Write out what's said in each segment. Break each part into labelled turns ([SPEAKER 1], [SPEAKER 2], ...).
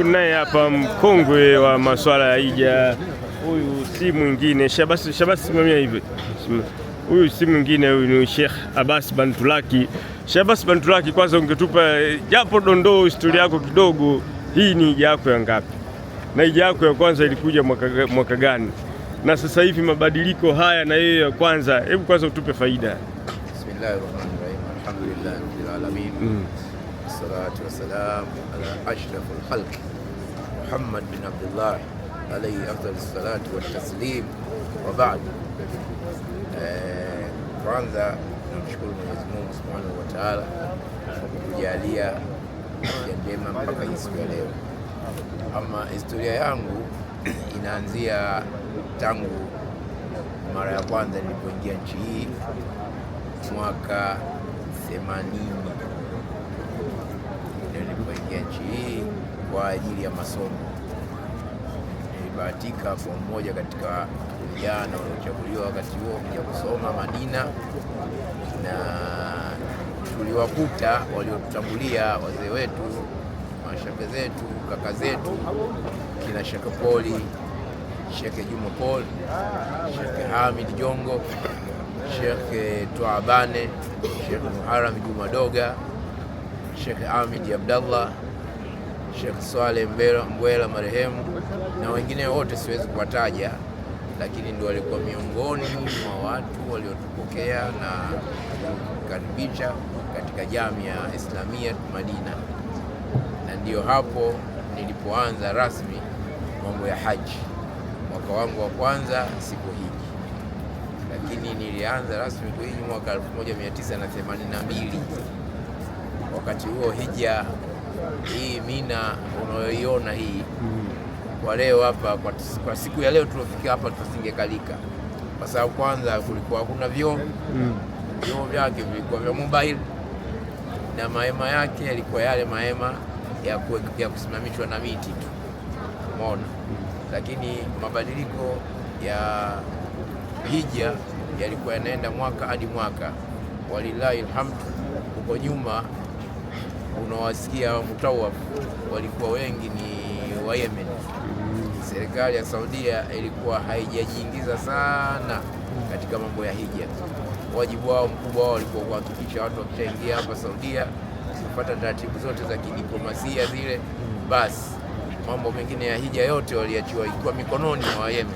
[SPEAKER 1] Tunaye hapa mkongwe wa masuala ya hija, huyu si mwingine Shabasi, Shabasi simamia hivi. Huyu si mwingine, huyu ni Sheikh Abbas Bantulaki. Shabasi Bantulaki, kwanza ungetupa eh, japo dondoo historia yako kidogo. Hii ni hija yako ya ngapi, na hija yako ya kwanza ilikuja mwaka, mwaka gani, na sasa hivi mabadiliko haya na hiyo ya kwanza, hebu kwanza utupe faida.
[SPEAKER 2] Bismillahirrahmanirrahim. Alhamdulillahirabbil alamin. Mm wassalatu wassalam ala ashrafi lkhalqi Muhammad bin Abdullah alayhi afdal salatu wataslim wa ba'd. Eh, kwanza tunamshukuru Mwenyezi Mungu subhanahu wa taala kwa ya njema mpaka hii siku ya leo. Ama historia yangu inaanzia tangu mara ya kwanza nilipoingia nchi hii mwaka themanini kuingia nchi hii kwa ajili ya masomo. Nilibahatika kwa mmoja katika vijana waliochaguliwa wakati huo kuja kusoma Madina, na tuliwakuta waliotutangulia wazee wetu, mashabe zetu, kaka zetu, kina Shekhe Poli, Shekhe Juma Paul, Shekhe Hamid Jongo, Shekhe Twabane, Shekhe Muharam Juma Doga Sheikh Ahmed Abdallah, Sheikh Swaleh Mbwela marehemu na wengine wote siwezi kuwataja, lakini ndio walikuwa miongoni mwa watu waliotupokea na kukaribisha katika ya Islamia Madina, na ndiyo hapo nilipoanza rasmi mambo ya haji. Mwaka wangu wa kwanza siku hiji, lakini nilianza rasmi kuhiji mwaka 1982 wakati huo hija hii Mina unayoiona hii mm-hmm. kwa leo hapa kwa, kwa siku ya leo tuliofika hapa tusingekalika kwa sababu kwanza kulikuwa hakuna vyoo mm. vyoo vyake vilikuwa vya mobile na mahema yake yalikuwa yale mahema ya, ya kusimamishwa na miti tu mona, mm-hmm. lakini mabadiliko ya hija yalikuwa yanaenda mwaka hadi mwaka, walilahi alhamdu. Huko nyuma unawasikia mutawaf walikuwa wengi ni wa Yemen. Serikali ya Saudia ilikuwa haijajiingiza sana katika mambo ya hija. Wajibu wao mkubwa wao walikuwa kuhakikisha watu wakishaingia hapa Saudia kupata taratibu zote za kidiplomasia zile, basi mambo mengine ya hija yote waliachiwa ikiwa mikononi mwa Wayemen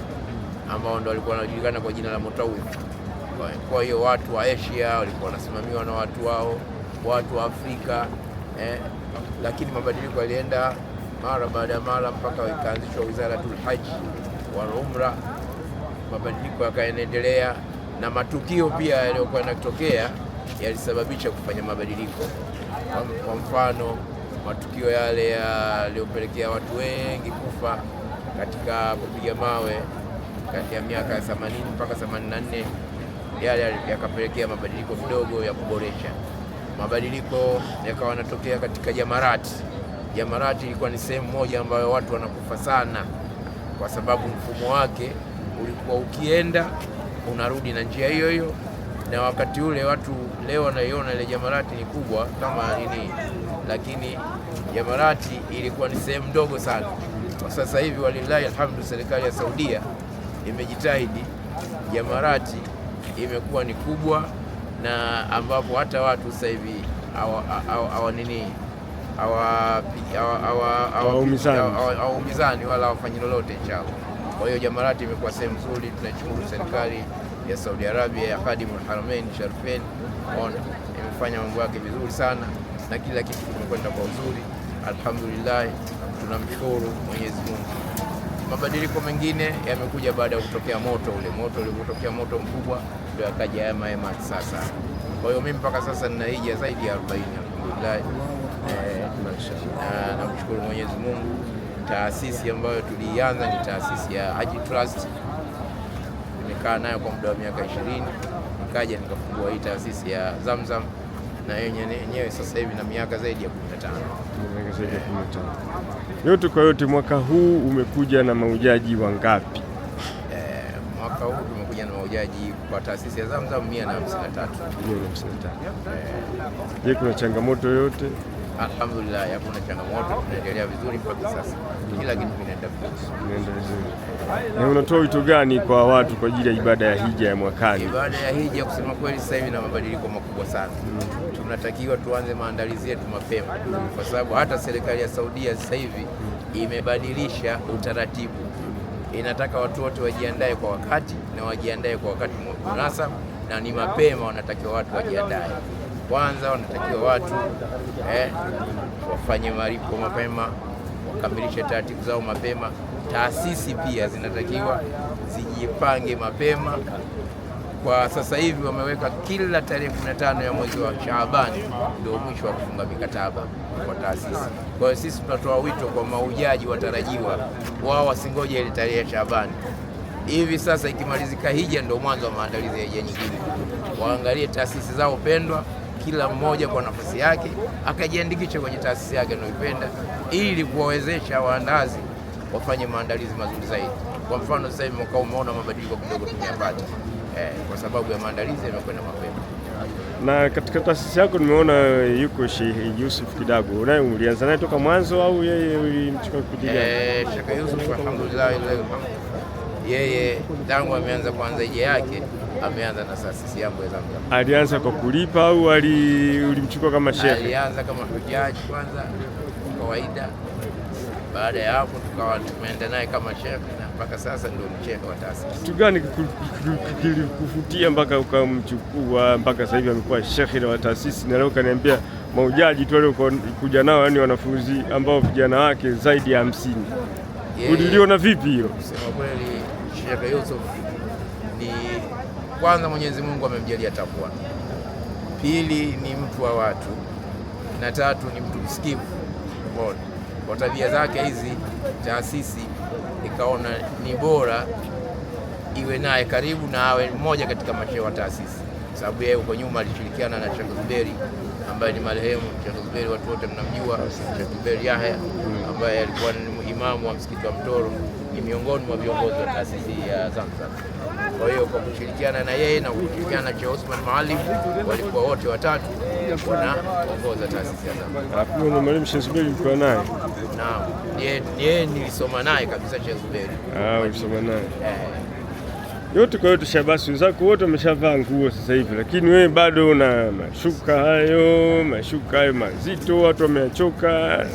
[SPEAKER 2] ambao ndo walikuwa wanajulikana kwa jina la mutawif. Kwa hiyo watu wa Asia walikuwa wanasimamiwa na watu wao, watu wa Afrika eh, lakini mabadiliko yalienda mara baada ya mara mpaka ikaanzishwa Wizaratul Haji wal Umra, mabadiliko yakaendelea na matukio pia yaliyokuwa yanatokea yalisababisha kufanya mabadiliko. Kwa mfano, matukio yale yaliyopelekea watu wengi kufa katika kupiga mawe kati ya miaka ya 80 mpaka 84 yale yakapelekea mabadiliko kidogo ya kuboresha mabadiliko yakawa yanatokea katika Jamarati. Jamarati ilikuwa ni sehemu moja ambayo watu wanakufa sana, kwa sababu mfumo wake ulikuwa ukienda unarudi na njia hiyo hiyo, na wakati ule watu leo wanaiona ile Jamarati ni kubwa kama nini, lakini Jamarati ilikuwa ni sehemu ndogo sana. Kwa sasa hivi walilahi alhamdu, serikali ya Saudia imejitahidi, Jamarati imekuwa ni kubwa na ambapo hata watu sasa hivi hawa nini
[SPEAKER 1] hawaumizani wala hawafanyi lolote chao.
[SPEAKER 2] Kwa hiyo Jamarati imekuwa sehemu nzuri, tunashukuru serikali ya Saudi Arabia ya hadimu Haramain Sharifain, ona imefanya mambo yake vizuri sana na kila kitu kimekwenda kwa uzuri, alhamdulillah, tunamshukuru Mwenyezi Mungu. Mabadiliko mengine yamekuja baada ya kutokea moto ule moto uliotokea moto mkubwa ndio akaja haya mahema sasa. Kwa hiyo mimi mpaka sasa nina hija zaidi ya 40 alhamdulillah. Eh, na kushukuru Mwenyezi Mungu, taasisi ambayo tulianza ni taasisi ya Haji Trust, nimekaa nayo kwa muda wa miaka 20, nikaja nikafungua hii taasisi ya Zamzam na yenyewe sasa hivi na miaka zaidi ya 15.
[SPEAKER 1] Miaka zaidi ya 15. Yote kwa yote, mwaka huu umekuja na maujaji wangapi?
[SPEAKER 2] mwaka huu tumekuja na mahujaji kwa taasisi ya Zamzam 153.
[SPEAKER 1] Je, kuna changamoto yoyote?
[SPEAKER 2] Alhamdulillah, hakuna changamoto, tunaendelea vizuri mpaka sasa, kila kitu kinaenda vizuri.
[SPEAKER 1] Na unatoa wito gani kwa watu kwa ajili ya ibada ya hija ya mwakani?
[SPEAKER 2] Ibada ya hija kusema kweli, sasa hivi na mabadiliko makubwa sana mm. tunatakiwa tuanze maandalizi yetu mapema mm. kwa sababu hata serikali ya Saudia sasa hivi mm. imebadilisha utaratibu inataka watu wote wajiandae kwa wakati na wajiandae kwa wakati munasaba, na ni mapema wanatakiwa watu wajiandae kwanza, wanatakiwa watu eh, wafanye malipo mapema, wakamilishe taratibu zao mapema. Taasisi pia zinatakiwa zijipange mapema kwa sasa hivi wameweka kila tarehe 15 ya mwezi wa Shaabani ndio mwisho wa kufunga mikataba kwa taasisi. Kwa hiyo sisi tunatoa wito kwa maujaji watarajiwa, wao wasingoje ile tarehe ya Shaabani. Hivi sasa ikimalizika hija, ndio mwanzo wa maandalizi ya hija nyingine. Waangalie taasisi zao pendwa, kila mmoja kwa nafasi yake akajiandikisha kwenye taasisi yake anayoipenda, ili kuwawezesha waandazi wafanye maandalizi mazuri zaidi. Kwa mfano, sasa hivi mwaka umeona mabadiliko kidogo tumeyapata eh, kwa sababu ya maandalizi yamekwenda mapema.
[SPEAKER 1] Na katika taasisi yako nimeona yuko Sheikh Yusuf Kidago, naye ulianza naye toka mwanzo au yeye ulimchukua kupitia?
[SPEAKER 2] Eh, Sheikh Yusuf alhamdulillah, yeye tangu ameanza kuanza ije yake ameanza na taasisi yangu ya Zamzam.
[SPEAKER 1] Alianza kwa kulipa au ulimchukua kama sheikh?
[SPEAKER 2] Alianza kama hujaji kwanza kawaida, baada ya hapo tukawa tumeenda naye kama sheikh mpaka sasa ndio mcheka wa taasisi.
[SPEAKER 1] Kitu gani kilikuvutia mpaka ukamchukua mpaka sasa hivi amekuwa shekhe wa taasisi, na leo kaniambia maujaji tu waliokuja nao, yani wanafunzi ambao vijana wake zaidi ya hamsini? Yeah, uliliona vipi hilo?
[SPEAKER 2] Kusema kweli, Shekhe Yusuf ni kwanza, Mwenyezi Mungu amemjalia takwa, pili ni mtu wa watu, na tatu ni mtu msikivu. Kwa tabia zake hizi taasisi ikaona ni bora iwe naye karibu na awe mmoja katika mashehe wa taasisi, sababu yeye huko nyuma alishirikiana na Sheikh Zuberi ambaye ni marehemu Sheikh Zuberi, watu wote mnamjua Sheikh Zuberi Yahya ambaye alikuwa ni imamu wa msikiti wa Mtoro, ni miongoni mwa viongozi wa taasisi ya Zanzibar. Kwa hiyo kwa kushirikiana na yeye na kushirikiana na Sheikh Osman Maalim, walikuwa wote watatu na kuongoza taasisi
[SPEAKER 1] ya Mwalimu Sheikh Zuberi ulikuwa naye?
[SPEAKER 2] Naam. Yeye nilisoma naye kabisa Sheikh Zuberi.
[SPEAKER 1] Ah, ulisoma naye. Eh. Yote kwa yote, Shabasi wenzako wote wameshavaa nguo sasa hivi, lakini wewe bado una mashuka hayo, mashuka hayo mazito, watu wameachoka.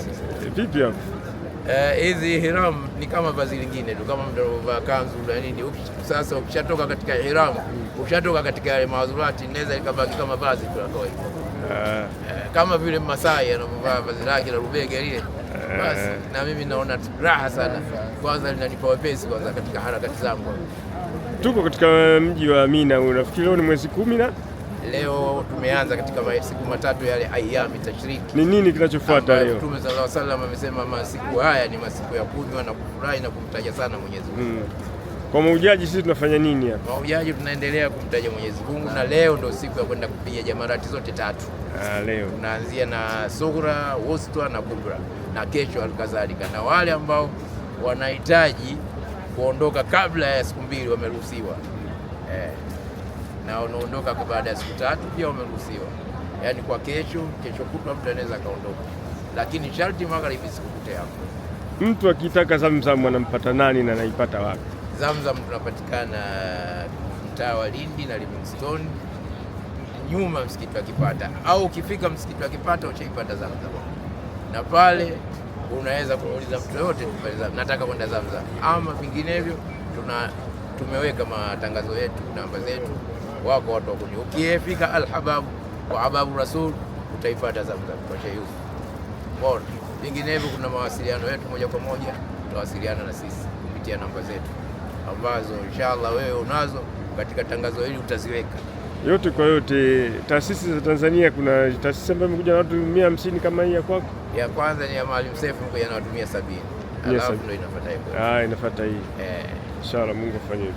[SPEAKER 1] Vipi hapo?
[SPEAKER 2] Eh, hizi uh, ihram ni kama vazi lingine tu, kama mtu anavaa kanzu na nini. Sasa ukishatoka katika ihram, ukishatoka katika mawazurati, inaweza ikabaki kama vazi tu la kawaida. Eh, kama vile Masai anavyovaa vazi lake la rubega lile, eh. basi na mimi naona raha sana. Kwanza linanipa wepesi kwanza katika harakati zangu.
[SPEAKER 1] Tuko katika eh, mji wa Mina, unafikiri leo ni mwezi kumi na
[SPEAKER 2] leo tumeanza katika siku matatu yale ayami tashriki.
[SPEAKER 1] Ni nini kinachofuata leo?
[SPEAKER 2] Mtume sallallahu alaihi wasallam amesema masiku haya ni masiku ya kunywa na kufurahi na kumtaja sana Mwenyezi Mungu. Hmm.
[SPEAKER 1] Kwa maujaji sisi tunafanya nini hapa?
[SPEAKER 2] Maujaji tunaendelea kumtaja Mwenyezi Mungu na leo ndo siku ya kwenda kupiga jamarati zote tatu. Ah, leo tunaanzia na sughra, wusta na kubra na kesho alikadhalika, na wale ambao wanahitaji kuondoka kabla ya siku mbili wameruhusiwa eh, na wanaondoka baada ya siku tatu pia wameruhusiwa. Yaani kwa kesho, kesho kutwa mtu anaweza kaondoka. lakini sharti magharibi sikukute hapo.
[SPEAKER 1] Mtu akitaka zamzamu anampata nani na anaipata wapi?
[SPEAKER 2] Zamzam tunapatikana mtaa wa Lindi na Livingstone, nyuma msikiti wa Kipata, au ukifika msikiti wa Kipata uchaipata Zamzam, na pale unaweza kuuliza mtu yoyote, nataka kwenda Zamzam, ama vinginevyo tuna tumeweka matangazo yetu, namba zetu, wako watu kuni. Ukifika Alhababu kwa Hababu Rasul utaipata Zamzam kwa Sheikh Yusuf bora. Vinginevyo kuna mawasiliano yetu moja kwa moja, utawasiliana na sisi kupitia namba zetu ambazo inshallah wewe unazo katika tangazo hili utaziweka
[SPEAKER 1] yote kwa yote. Taasisi za Tanzania, kuna taasisi ambayo imekuja na watu mia hamsini kama hii ya kwako,
[SPEAKER 2] ya kwanza ni ya Maalim Seif imekuja na watu mia sabini alafu ndio inafuata hii,
[SPEAKER 1] ah, inafuata hii. Eh. Inshallah Mungu afanye hivi.